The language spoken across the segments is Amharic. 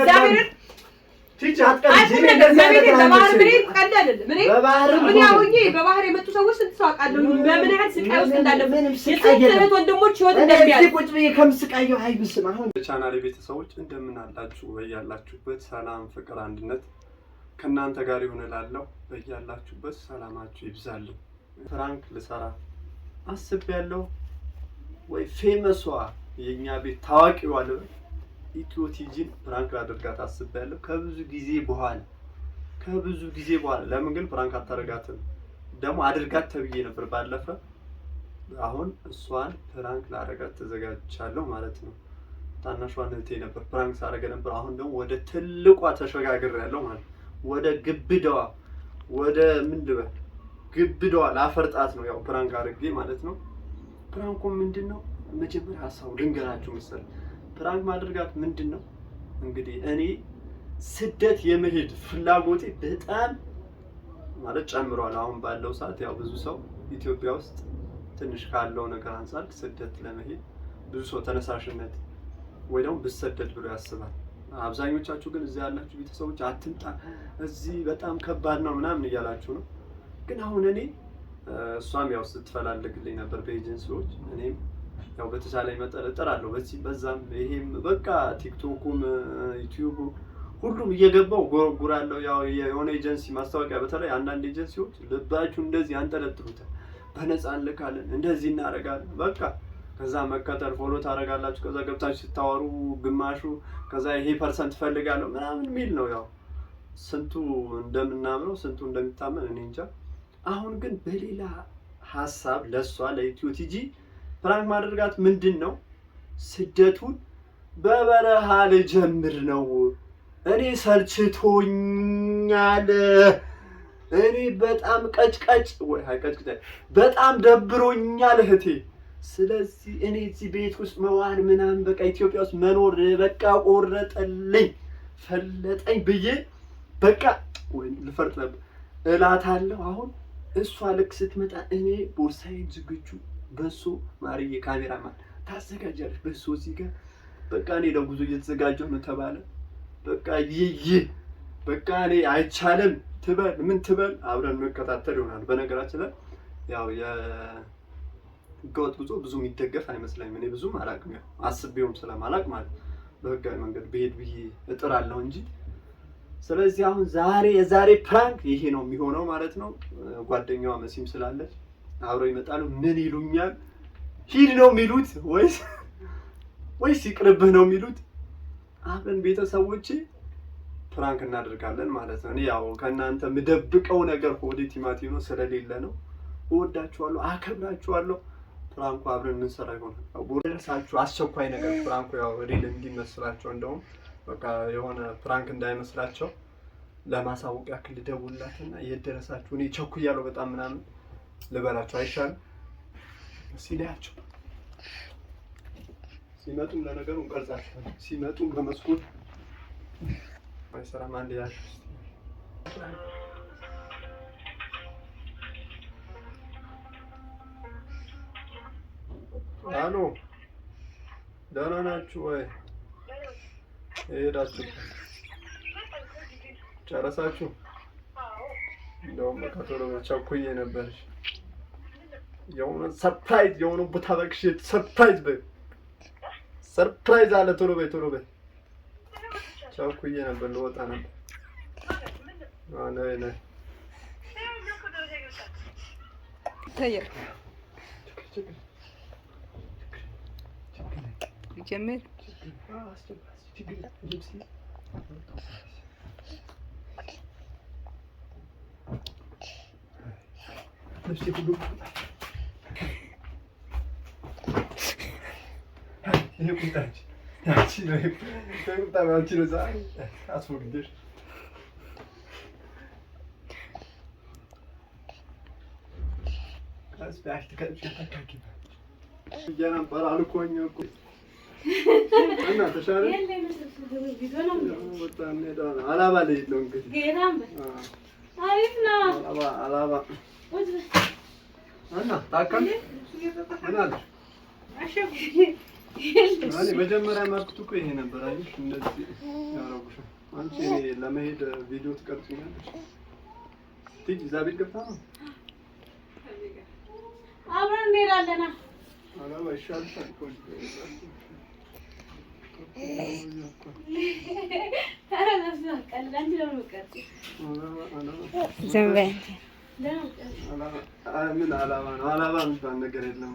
እግዚአብሔርን በባህር የመጡ ሰዎች ስንት ሰው አውቃለሁ፣ በምን ያህል ስቃይ ውስጥ እንዳለፉ ወንድሞች ህይወት እንደሚያልፍ። የቻናሌ ቤተሰቦች እንደምን አላችሁ? በያላችሁበት ሰላም፣ ፍቅር፣ አንድነት ከእናንተ ጋር ይሁን እላለሁ። በያላችሁበት ሰላማችሁ ይብዛልኝ። ፍራንክ ልሰራ አስቤያለሁ ወይ ፌመሷ የእኛ ቤት ታዋቂዋ ኢትዮቲጂን ቲጂን ፕራንክ ላደርጋት አስቤያለሁ ከብዙ ጊዜ በኋላ ከብዙ ጊዜ በኋላ። ለምን ግን ፕራንክ አታደርጋትም? ደግሞ አድርጋት ተብዬ ነበር ባለፈ። አሁን እሷን ፕራንክ ላደርጋት ተዘጋጅቻለሁ ማለት ነው። ታናሿን እህቴ ነበር ፕራንክ ሳደርገ ነበር። አሁን ደግሞ ወደ ትልቋ ተሸጋግር ያለው ማለት ወደ ግብደዋ ወደ ምን ልበል ግብደዋ ላፈርጣት ነው ያው ፕራንክ አድርጌ ማለት ነው። ፕራንኩ ምንድን ነው? መጀመሪያ ሀሳቡ ልንገራችሁ መሰለኝ ፕራንክ ማድረጋት ምንድን ነው እንግዲህ እኔ ስደት የመሄድ ፍላጎቴ በጣም ማለት ጨምሯል። አሁን ባለው ሰዓት ያው ብዙ ሰው ኢትዮጵያ ውስጥ ትንሽ ካለው ነገር አንጻር ስደት ለመሄድ ብዙ ሰው ተነሳሽነት ወይ ደግሞ ብሰደድ ብሎ ያስባል። አብዛኞቻችሁ ግን እዚህ ያላችሁ ቤተሰቦች አትምጣ፣ እዚህ በጣም ከባድ ነው ምናምን እያላችሁ ነው። ግን አሁን እኔ እሷም ያው ስትፈላልግልኝ ነበር በኤጀንሲዎች እኔም ያው በተቻለኝ መጠን እጥራለሁ። በዚህ በዛም ይሄም በቃ ቲክቶኩም ዩቲዩብ ሁሉም እየገባው ጎረጉራለሁ። ያው የሆነ ኤጀንሲ ማስታወቂያ፣ በተለይ አንዳንድ ኤጀንሲዎች ልባችሁ እንደዚህ አንጠለጥሉታል። በነፃ እንልካለን፣ እንደዚህ እናደርጋለን። በቃ ከዛ መከተል ፎሎ ታደርጋላችሁ። ከዛ ገብታችሁ ስታወሩ ግማሹ ከዛ ይሄ ፐርሰንት ፈልጋለሁ ምናምን የሚል ነው። ያው ስንቱ እንደምናምነው ስንቱ እንደሚታመን እኔ እንጃ። አሁን ግን በሌላ ሀሳብ ለእሷ ለኢትዮ ቲጂ ፕራንክ ማድረጋት ምንድን ነው? ስደቱን በበረሃ ልጀምር ነው እኔ ሰልችቶኛል። እኔ በጣም ቀጭቀጭ ወይ ቀጭቀጭ በጣም ደብሮኛል እህቴ። ስለዚህ እኔ እዚህ ቤት ውስጥ መዋል ምናምን በቃ ኢትዮጵያ ውስጥ መኖር በቃ ቆረጠልኝ ፈለጠኝ ብዬ በቃ ወይ ልፈርጥ ነበር እላታለሁ። አሁን እሷ ልክ ስትመጣ እኔ ቦርሳዬን ዝግጁ በሱ ማርዬ ካሜራማን ታዘጋጃለች። በሱ እዚህ ጋር በቃ እኔ ለጉዞ እየተዘጋጀሁ ነው ተባለ። በቃ ይይ በቃ እኔ አይቻልም ትበል ምን ትበል አብረን መከታተል ይሆናል። በነገራችን ላይ ያው የህገወጥ ጉዞ ብዙ የሚደገፍ አይመስለኝም። እኔ ብዙም አላቅም፣ ያው አስቤውም ስለማላቅ ማለት በህጋዊ መንገድ ብሄድ ብዬ እጥራለሁ እንጂ ስለዚህ አሁን ዛሬ የዛሬ ፕራንክ ይሄ ነው የሚሆነው ማለት ነው። ጓደኛዋ መሲም ስላለች አብረው ይመጣሉ። ምን ይሉኛል? ሂድ ነው የሚሉት ወይስ ወይስ ይቅርብህ ነው የሚሉት? አብረን ቤተሰቦቼ ፕራንክ እናደርጋለን ማለት ነው። ያው ከእናንተ የምደብቀው ነገር ሆዴ ቲማቲም ስለሌለ ነው። እወዳችኋለሁ፣ አከብራችኋለሁ። ፕራንኩ አብረን የምንሰራ ይሆናል። ቦርሳችሁ አስቸኳይ ነገር ፕራንኩ ያው ሪል እንዲመስላቸው እንደውም በቃ የሆነ ፕራንክ እንዳይመስላቸው ለማሳወቅ ያክል ደውላትና የደረሳችሁ እኔ ቸኩያለሁ በጣም ምናምን ልበላቸው አይሻልም? ሲለያቸው ሲመጡም ለነገሩ እንቀርጻቸዋለን። ሲመጡም በመስኮት አይሰራም። አንድ ያሽ አሎ፣ ደህና ናችሁ ወይ? የሄዳችሁ ጨረሳችሁ? እንደውም በቃ ቶሎ ቸኩዬ ነበርሽ። ሰርፕራይዝ የሆኑ ቦታ በቅሽት ሰርፕራይዝ በይ ሰርፕራይዝ አለ። ቶሎ በይ ቶሎ በይ። ቻኩዬ ነበር ልወጣ ነበር። ነይ ነይ ጀምር ልብሴ ሁሉ Eu com o Tati. Atira aí. Eu tava, ela tira os ai. As fogo deixa. As acho que eu quero atacar aqui. Gelen paralık oynuyor. እናት ተሻለ ወጣ እንሄዳለን። አላባ ልሂድ ነው እንግዲህ አሪፍ ነው። አላባ አላባ እና ታከም ምን አለሽ? መጀመሪያ ማርክቱ እኮ ይሄ ነበር አይሽ እንደዚህ አንቺ ለመሄድ ቪዲዮ ትቀርጽኛለሽ። ትጅ እዛ ቤት ገብታ ነው አብረን እንሄዳለን። አላማ ይሻልሻል። ምን አላማ ነው? አላማ የሚባል ነገር የለም።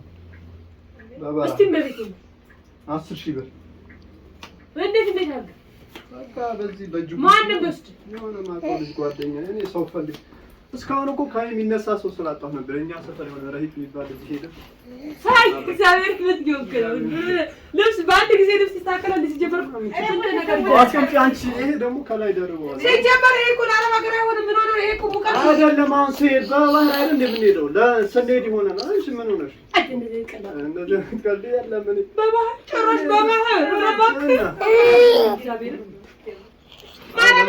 እስቲ አስር ሺህ ብር እንዴት እንዴት እኔ ሰው ፈልግ እስካሁን እኮ ከኔ የሚነሳ ሰው ስላጣሁ ነበር። እኛ ሰፈር የሆነ ረሂት የሚባል እዚህ ሄደ ሳይ እግዚአብሔር ክለት ይወገል በአንድ ጊዜ ልብስ ይስተካከላል። ሲጀመር ከላይ ደርበዋል። ሲጀመር ይሄ እኮ ለዓለም ሀገር አይሆንም። ሆነ? ነው።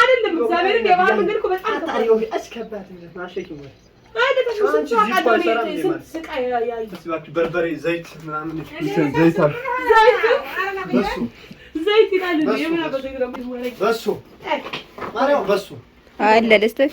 አይደለም እግዚአብሔርን የባህል መንገድ እኮ በጣም በርበሬ፣ ዘይት ምናምን ዘይት ይላል አለ ደስተሽ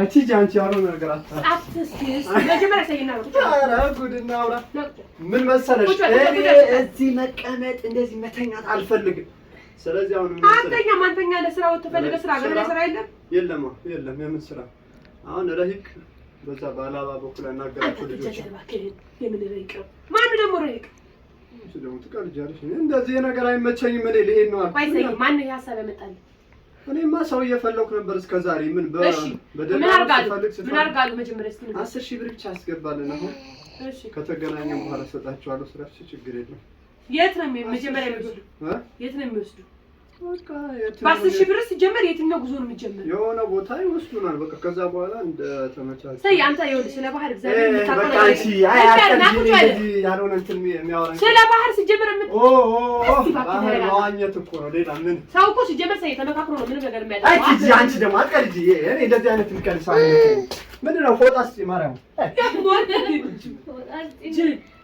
አንቺ አንቺ ያልሆነ ነገር ምን መሰለሽ፣ እዚህ መቀመጥ እንደዚህ መተኛት አልፈልግም። ስለዚህ አሁን አንተኛም አንተኛ ለስራው ተፈልገ ስራ ስራ የለም የለም የለም። የምን ስራ አሁን ረሂቅ በዛ ባላባ በኩል አናገራቸው ልጆች ማን ደግሞ ረሂቅ ደግሞ ትቀልጃለሽ። እንደዚህ ነገር አይመቸኝም። እኔ ልሄድ ነው አልኩት። ማን እኔማ ሰው እየፈለኩ ነበር እስከ ዛሬ። ምን በደምብ ምን አድርጋለሁ? መጀመሪያ እስኪ አስር ሺህ ብር ብቻ አስገባልን። አሁን እሺ፣ ከተገናኘን በኋላ እሰጣቸዋለሁ። ስራ ችግር የለም። የት ነው መጀመሪያ የሚወስዱ? የት ነው የሚወስዱ በአስር ሺህ ብር ሲጀመር የትኛው ጉዞ ነው የሚጀመር? የሆነ ቦታ ይወስዱናል። በቃ ከዛ በኋላ እንደ ተመቻቸ ስለ ባህር ምን ሰው እኮ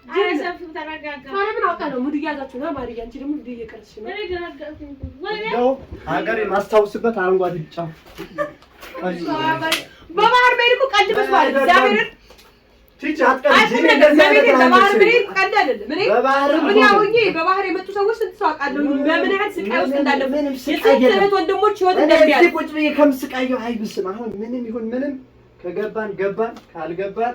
ምን አውቃ ነው ሙድ እያዛችሁ ና የማስታውስበት አረንጓዴ ቢጫ በባህር መሄድ እኮ ቀልድ መስሎሃል። በባህር የመጡ ሰዎች ስንት ሰው አውቃለሁ፣ በምን ያህል ስቃይ ውስጥ እንዳለሁ ወንድሞች ህይወት እንደሚያል ከምስቃየው አይ ብስም አሁን ምንም ይሁን ምንም ከገባን ገባን ካልገባን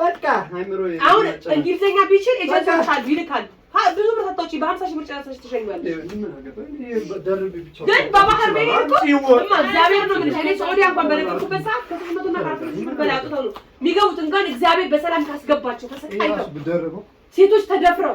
በቃ አይምሮ አሁን እንግሊዘኛ ቢችል ኤጀንት ይልካል። ብዙ ብር ሰጥተውች በሀምሳ ሺህ ብር ጨረሰሽ ትሸኛለሽ። ግን በባህር መሄድ እግዚአብሔር ነው የምልሽ። እኔ ሰዑዲ እንኳን በነበርኩበት ሰዓት ከስድስት መቶ እና ከአራት መቶ በላይ አውጥተው ነው የሚገቡት። እንኳን እግዚአብሔር በሰላም ካስገባቸው ተሰቃይተው ሴቶች ተደፍረው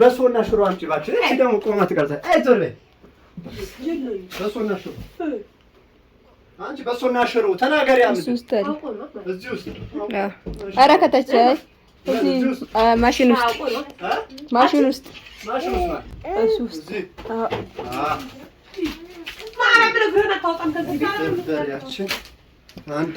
በሶና ሽሮ አምጪ እባክሽ። እሺ፣ ደግሞ ቆማ ትቀርጻለች። በሶና ሽሮ አንቺ በሶና ሽሮ ተናገሪ። ኧረ ከተች ማሽን ውስጥ ማሽን ውስጥ እሱ ውስጥ አንድ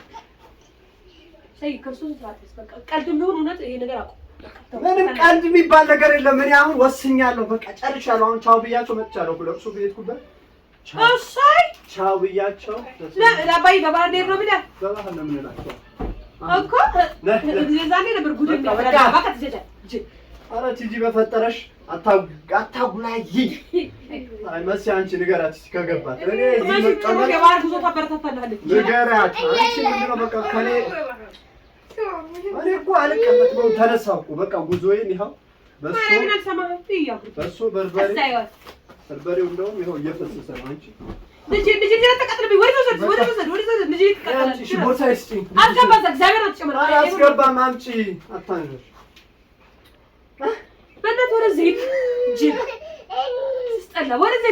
ምንም ቀልድ የሚባል ነገር የለም። እኔ አሁን ወስኛለሁ፣ በቃ ጨርሻለሁ። አሁን ቻው ብያቸው መጥቻለሁ። ለቅሶ ብሄድኩበት ቻው ብያቸው ለአባዬ በባህር ነው ብለህ በባህር ነው የምንላቸው እኮ ዛኔ ነበር ጉድ ኧረ ቲጂ በፈጠረሽ አታጉላዪ። አይ መሲ አንቺ ንገራት እስኪ ከገባት እኔ እኔ እኮ አልቀመጥም። ተነሳሁ እኮ በቃ ጉዞዬን ይኸው በእሱ በርበሬው እንደውም ይኸው እየፈሰሰ ነው። አንቺ አላስገባም። አምጪ አታንሽ በእናትህ ወደዚህ ስትጠላ ወደዚህ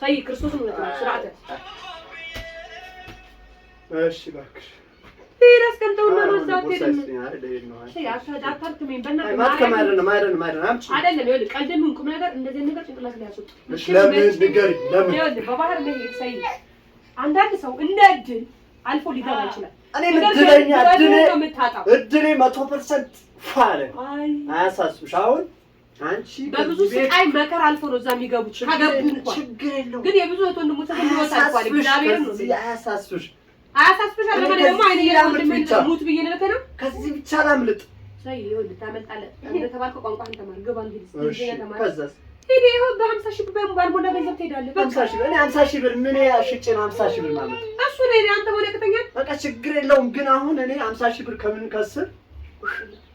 ሰይ ክርስቶስ ነው ስርዓተ እሺ እባክሽ አንዳንድ ሰው እንደ እድል አልፎ ሊገባ ይችላል። እድሌ መቶ ፐርሰንት አያሳስብሽ አሁን አንቺ በብዙ ስቃይ መከራ አልፎ ነው እዛ የሚገቡት። ከገቡ ችግር የለውም ግን የብዙ እህት ወንድሞች ህይወት አልፏል። እግዚአብሔር ነው አያሳስብሽ፣ አያሳስብሽ አለ ደግሞ አይኔ የወንድሜን ሙት ብዬ ነው ለከነው ከዚህ ብቻ ላምልጥ እኔ ሀምሳ ብር ምን ችግር የለውም ግን አሁን እኔ ሀምሳ ሺህ ብር ከምን ከስር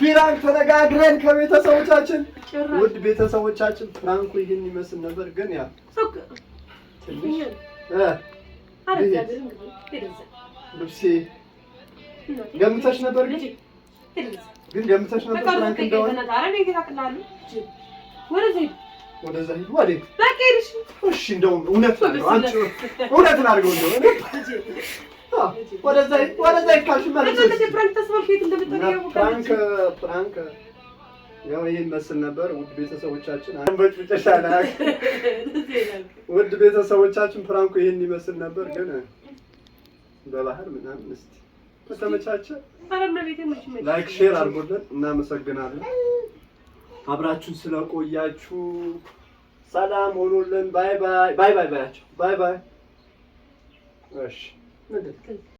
ፕራንክ ተነጋግረን ከቤተሰቦቻችን ውድ ቤተሰቦቻችን ፕራንኩ ይህን ይመስል ነበር ግን ያ ልብሴ ገምተሽ ነበር ግን ገምተሽ ነበር ፍራንክ እውነት ነው አንቺ ያው ይህ መስል ነበር። ውድ ቤተሰቦቻችን ላይ ውድ ቤተሰቦቻችን ፍራንኮ ይህን ይመስል ነበር። ግን በባህር ምናምን እስኪ ተመቻቸ። ላይክ ሼር አድርጎልን እናመሰግናለን። አብራችሁን ስለቆያችሁ ሰላም ሆኖልን። ባይ ባይ ባይ ባይ ባያቸው ባይ ባይ። እሺ ምንድን